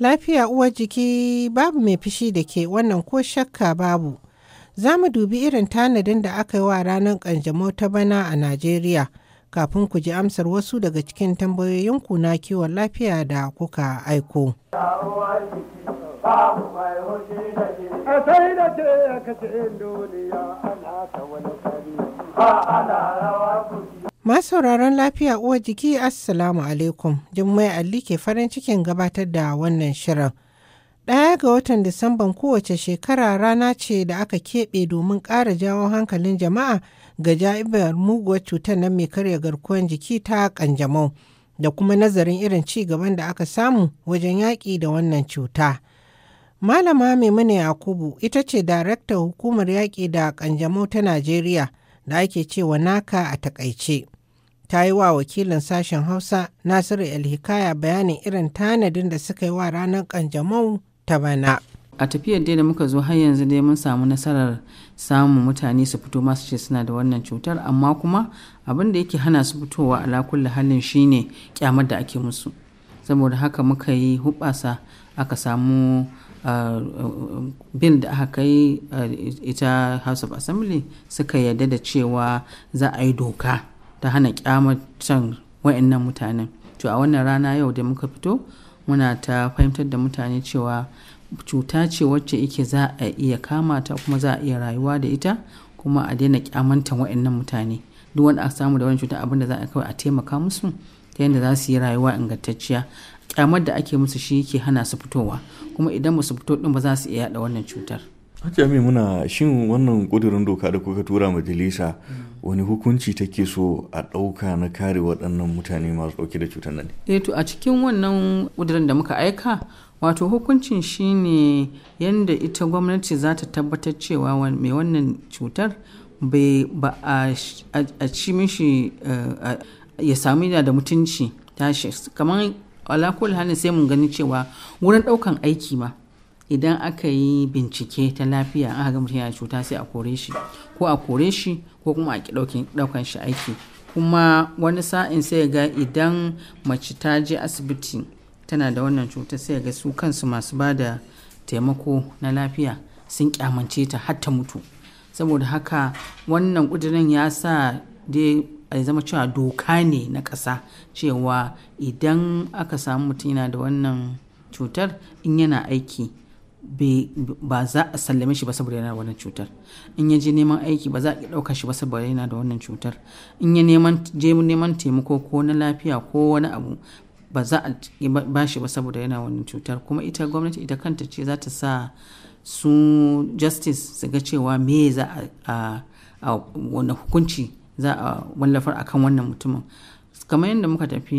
Lafiya uwar jiki babu mai fishi da ke wannan ko shakka babu. Za mu dubi irin tanadin da aka yi wa ranar ƙanjamo ta bana a Najeriya kafin ku ji amsar wasu daga cikin tambayoyinku na kiwon lafiya da kuka aiko. da sauraron lafiya uwar jiki assalamu alaikum jummai ali ke farin cikin gabatar da wannan shirin ɗaya ga watan disamban kowace shekara rana ce da aka keɓe domin ƙara jawo hankalin jama'a ga ja'ibar muguwar cutar nan mai karya garkuwar jiki ta ƙanjamau da kuma nazarin irin ci gaban da aka samu wajen yaƙi da wannan cuta. Malama Maimuna Yakubu ita ce daraktar hukumar yaƙi da ƙanjamau ta Najeriya da ake cewa naka a takaice ta yi wa wakilin sashen hausa nasiru elhikaya bayanin irin tanadin da suka yi wa ranar kanjamau ta bana a tafiyar dai da muka zo har yanzu dai mun samu nasarar samun mutane su fito masu ce suna da wannan cutar amma kuma abin da yake hana su fitowa a lakulla halin shine kyamar da ake musu saboda haka muka yi hubasa aka samu bil da aka kai ita house of assembly suka yarda da cewa za a yi doka ta hana kyamatan wa'annan mutanen to a wannan rana yau da muka fito muna ta fahimtar da mutane cewa cuta ce wacce ike za a iya kama ta kuma za a iya rayuwa da ita kuma a daina kyamantan wa'annan mutane duk wanda aka samu da wani cuta abinda za a kawai a taimaka musu ta yadda za su yi rayuwa ingantacciya kyamar da ake musu shi ke hana su fitowa kuma idan musu fito din ba za su iya yada wannan cutar hajji amin muna shin wannan kudurin doka da kuka tura majalisa wani hukunci take so a ɗauka na kare waɗannan mutane masu ɗauke da cutar nan eh to a cikin wannan ƙudurin da muka aika wato hukuncin shine yadda ita gwamnati za ta tabbatar cewa mai wannan cutar ba a ci mishi eh, ya sami da mutunci tashi kamar ala alakul hannun sai mun gani cewa wurin ɗaukan aiki ma idan aka yi bincike ta lafiya an ga mutum yana cuta sai a kore shi ko a kore shi ko kuma a ki ɗaukan shi aiki kuma wani sa'in sai ga idan mace ta je asibiti tana da wannan cuta sai ga su kansu masu ba da taimako na lafiya sun kyamance ta har mutu saboda haka wannan ƙudurin ya sa dai a zama cewa doka ne na ƙasa cewa idan aka samu mutum yana da wannan cutar in yana aiki ba za a sallame shi ba saboda yana da wannan cutar in ya je neman aiki ba za a ɗauka shi ba saboda yana da wannan cutar in ya je neman taimako ko na lafiya ko wani abu ba za a ba shi ba saboda yana wannan cutar kuma ita gwamnati ita kanta ce za ta sa su justice su ga cewa me za a wani hukunci za a wallafar kan wannan mutumin kamar yadda muka tafi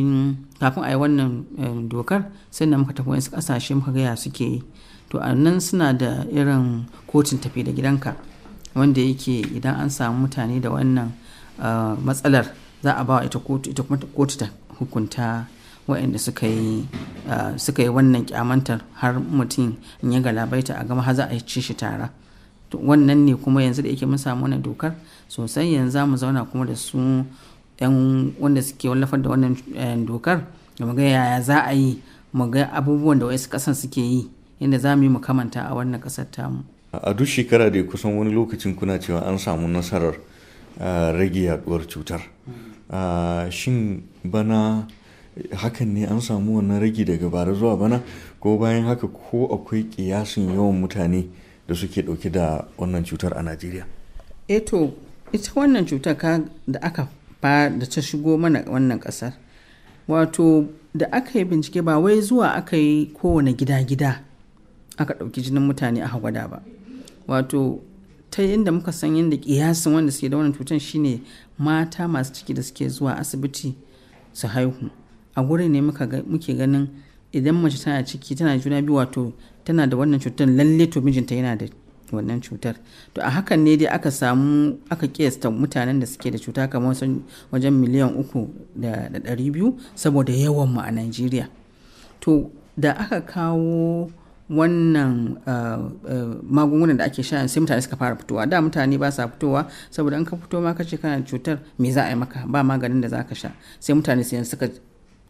kafin a yi wannan eh, dokar sai da muka tafi wasu kasashe muka gaya suke yi to a nan suna da irin kotun tafi da gidanka wanda yake idan an samu mutane da wannan eh, matsalar za a ba ita kotu ita kotu ta hukunta waɗanda suka yi eh, wannan kyamantar har mutum in ya galabaita a gama har za a yi ci shi tara wannan ne kuma yanzu da yake mun samu wannan dokar sosai yanzu za mu zauna kuma da su yan wanda suke wallafar da wannan eh, dokar da mu ga yaya za a yi mu ga abubuwan da wasu kasan suke yi inda za mu yi mu kamanta a wannan kasar tamu a duk shekara da kusan wani lokacin kuna cewa an samu nasarar eh, rage yaduwar cutar mm. shin bana hakan ne an samu wannan ragi daga bara zuwa bana ko bayan haka ko akwai kiyasin yawan mutane da suke ɗauke da wannan cutar a najeriya eto eh ita wannan cutar da aka fa da ta shigo mana wannan ƙasar wato da aka yi bincike ba wai zuwa aka yi kowane gida-gida aka ɗauki jinin mutane a gwada ba wato ta yadda muka san yadda kiyasin wanda suke da wannan cutar shine mata masu ciki da suke zuwa asibiti su haihu a gurin ne muke ganin idan mace tana ciki tana juna biyu wato tana da wannan cutar lalle to mijinta yana da wannan cutar to a hakan ne dai aka samu aka kiyasta mutanen da suke da cuta kamar wajen miliyan uku da ɗari biyu saboda yawan mu a najeriya to da aka kawo wannan ah, ah, magungunan da ake sha sai mutane suka fara fitowa da mutane ba sa fitowa saboda in ka fito ma ka ce kana cutar me za a yi maka ba maganin da za ka sha sai mutane suka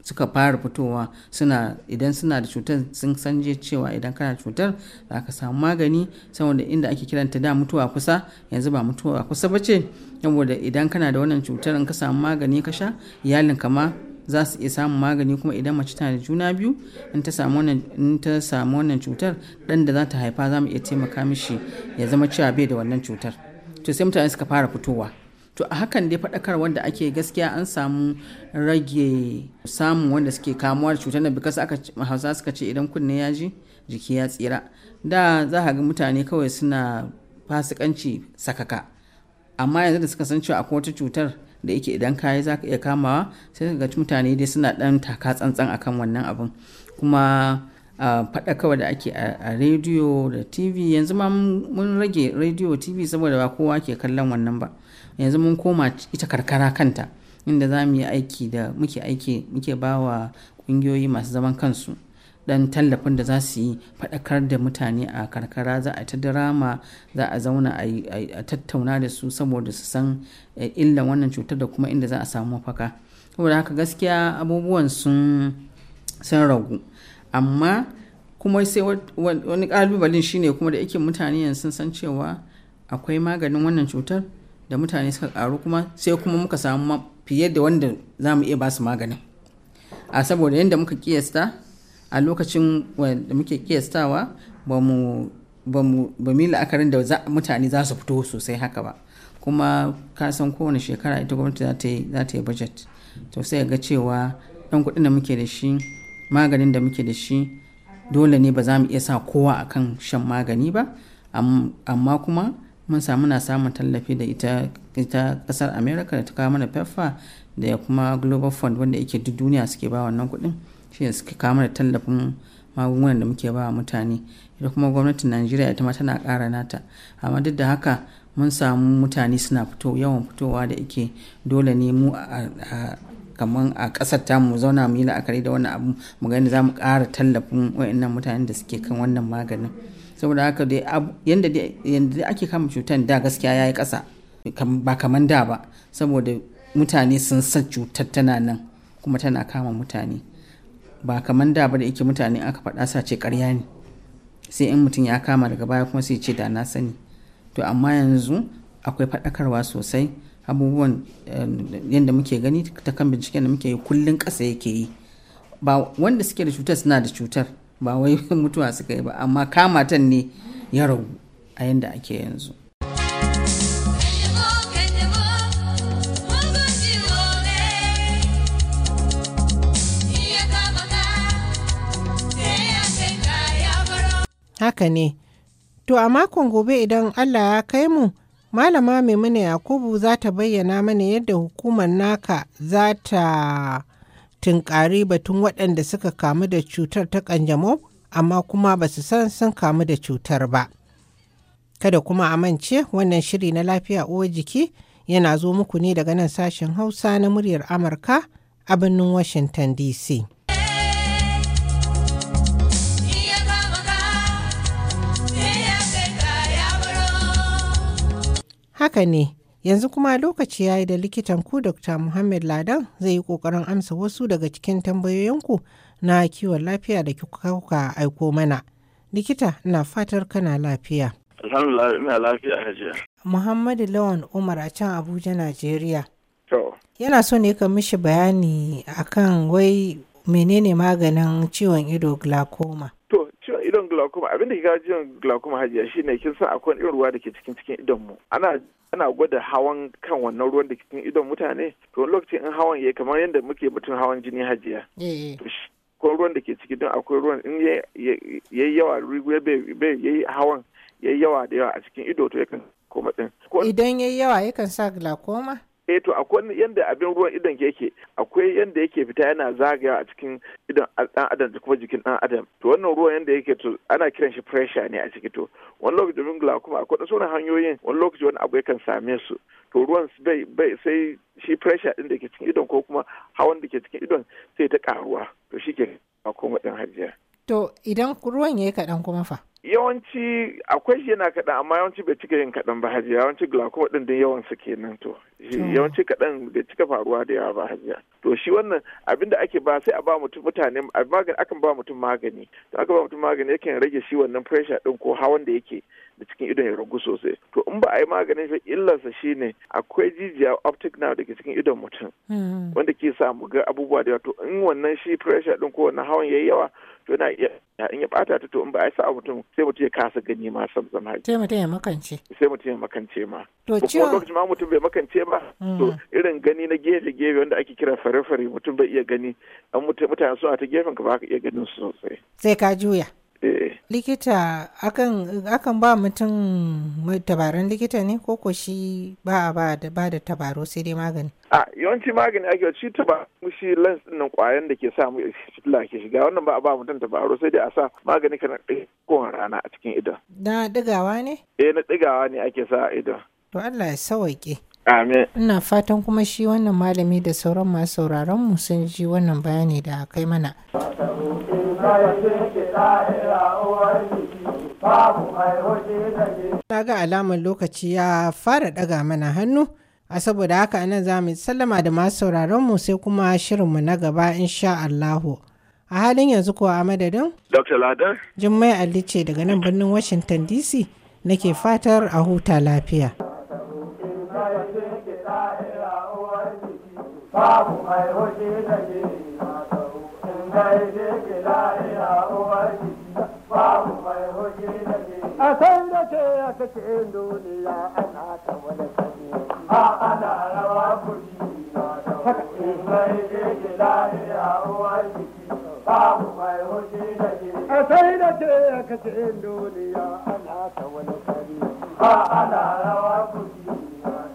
suka fara fitowa suna idan suna da cutar sun san cewa idan kana cutar za ka samu magani saboda inda ake kiranta da mutuwa kusa yanzu ba mutuwa kusa ba ce saboda idan kana da wannan cutar in ka samu magani ka sha iyalin kama za su iya samun magani kuma idan mace tana da juna biyu in ta samu wannan cutar dan da za ta haifa za mu iya taimaka mishi ya zama cewa bai da wannan cutar to sai mutane suka fara fitowa to a hakan dai faɗakar wanda ake gaskiya an samu rage samun wanda suke kamuwa da cutar nan bikas aka hausa suka ce idan kunne ya ji jiki ya tsira da za ka ga mutane kawai suna fasikanci sakaka amma yanzu da suka san cewa akwai wata cutar da yake idan kayi za ka iya kamawa sai ka ga mutane dai suna ɗan taka tsantsan akan wannan abin kuma kawai da ake a rediyo da tv yanzu ma mun rage rediyo tv saboda ba kowa ke kallon wannan ba yanzu mun koma ita karkara kanta inda za mu yi aiki da muke aiki muke ba wa ƙungiyoyi masu zaman kansu dan tallafin da za su yi faɗakar da mutane a karkara za a ta drama za a zauna a tattauna da su saboda su san eh, illan wannan cutar da kuma inda za a samu mafaka saboda haka gaskiya abubuwan sun sun ragu amma kuma sai wani ƙalubalen shine kuma da yake mutane yanzu sun san cewa akwai maganin wannan cutar da mutane suka karu kuma sai kuma muka samu fiye da wanda za mu iya ba su maganin a saboda yadda muka kiyasta a lokacin da muke kiyastawa ba mu la'akarin da mutane za su fito sosai haka ba kuma ka san kowane shekara ita gwamnati za ta yi budget to sai ga cewa ɗan kuɗin da muke da shi maganin da muke da shi dole ne ba za mu iya sa kowa akan shan magani ba amma kuma mun samu na samun tallafi da ita ita kasar america da ta kawo mana pepper da kuma global fund wanda yake duk duniya suke ba wannan kuɗin shi ne suke kawo mana tallafin magungunan da muke ba mutane ita kuma gwamnatin najeriya ita ma tana kara nata amma duk da haka mun samu mutane suna fito yawan fitowa da ike dole ne mu a kamar a kasarta ta mu zauna mu yi la'akari da wannan abu mu gani za mu kara tallafin wayannan mutanen da suke kan wannan maganin saboda haka dai yanda yanda ake kama cutar da gaskiya yayi kasa ba kaman da ba saboda mutane sun san cutar tana nan kuma tana kama mutane ba kaman da ba da yake mutane aka faɗa sa ce ƙarya ne sai in mutum ya kama daga baya kuma sai ce da na sani to amma yanzu akwai faɗakarwa sosai abubuwan eh, yadda muke gani ta kan binciken da muke yi kullum kasa yake yi ba wanda suke da cutar suna da cutar ba wai mutuwa suka yi ba amma kamatan ne ya ragu a yadda ake yanzu haka ne to a makon gobe idan allah ya kai mu malama maimuna yakubu za ta bayyana mana yadda hukumar naka za ta tunkari batun waɗanda suka kamu da cutar ta ƙanjamau amma kuma ba su san sun kamu da cutar ba. Kada kuma a mance wannan shiri na lafiya uwa jiki yana zo muku ne daga nan sashen Hausa na muryar Amurka a birnin Washington DC. Haka ne, Yanzu kuma lokaci ya yi da likitan ku Dr. Muhammad Ladan zai yi ƙoƙarin amsa wasu daga cikin tambayoyinku na kiwon lafiya da kuka aiko mana. Likita na fatar kana lafiya. Muhammadu Lawan Umar a can Abuja, Najeriya. Yana so ne ka mishi bayani akan wai menene maganin ciwon ido glaucoma. glaucoma abin da ke ga ciwon glaucoma hajiya shine kin san akwai irin ruwa da ke cikin cikin idon mu ana ana gwada hawan kan wannan ruwan da ke cikin idon mutane to wani lokaci in hawan yayi kamar yadda muke mutum hawan jini hajiya ko eh, eh. ruwan da ke ciki don akwai ruwan in yayi yawa rigu bai yayi hawan yayi yawa da yawa a cikin ido to yakan koma din idan yayi yawa yakan sa glaucoma eh to akwai yanda abin ruwan idon yake akwai yanda yake fita yana zagaya a cikin idon dan adam da kuma jikin dan adam to wannan ruwan yanda yake to ana kiran shi pressure ne a ciki to wani lokaci domin glaucoma akwai sauran hanyoyin wani lokaci wani abu yakan same su to ruwan bai bai sai shi pressure din da ke cikin idon ko kuma hawan da ke cikin idon sai ta karuwa to shi ke a kuma To idan ruwan ya yi kaɗan kuma fa? Yawanci akwai shi yana kaɗan amma yawanci bai cika yin kaɗan ba hajiya yawanci glaucoma ɗin din yawan su kenan to. Yawanci kaɗan bai cika faruwa da yawa ba hajiya. To shi wannan abin da ake ba sai a ba mutum mutane magani akan ba mutum magani. To aka ba mutum magani yakan rage shi wannan pressure ɗin ko hawan da yake. da cikin idon ya ragu sosai to in ba a yi maganin shi illarsa shine akwai jijiya optic nerve da ke cikin idon mutum hmm. wanda ke sa mu ga abubuwa da yawa to in wannan shi pressure din ko wannan hawan yayi yawa to yana iya in ya bata ta to in ba a yi sa mutum sai mutum ya kasa gani ma sam sam sai mutum ya makance sai mutum ya makance ma to ciwo lokacin ma mutum bai makance ba to hmm. irin gani na gefe gefe wanda ake kira fare fare mutum bai iya gani an mutane suna ta gefen ka ba ka iya ganin su sosai sai ka juya Eh. likita akan ba mutum tabarin likita ne ko ko shi ba a ba da tabaro sai dai magani a yawanci magani ake shi taba shi lens din kwayan da ke sa mu fitila ke shiga wannan ba a ba mutum tabaro sai dai a sa magani kana kowane rana a cikin idon na digawa ne eh na digawa ne ake sa idon to Allah ya sawaike Amin. Ina fatan kuma shi wannan malami da sauran masu sauraron mu sun ji wannan bayani da kai mana. Na ga alamar lokaci ya fara ɗaga mana hannu, a saboda haka anan za mu sallama da masu sauraron mu sai kuma shirinmu na gaba insha Allahu. A halin yanzu kuwa a madadin? Dr. Ladar? Jummai Ali ce daga nan birnin Washington DC nake fatar a huta lafiya. Babu mai hoji da a san da ke ya kace duniya ana ta wani kare a ana rawa kuri na da wani mai ke a uwar jiki babu mai hoji da ke a sai da ke ya kace duniya ana ta wani kare a ana rawa kuri na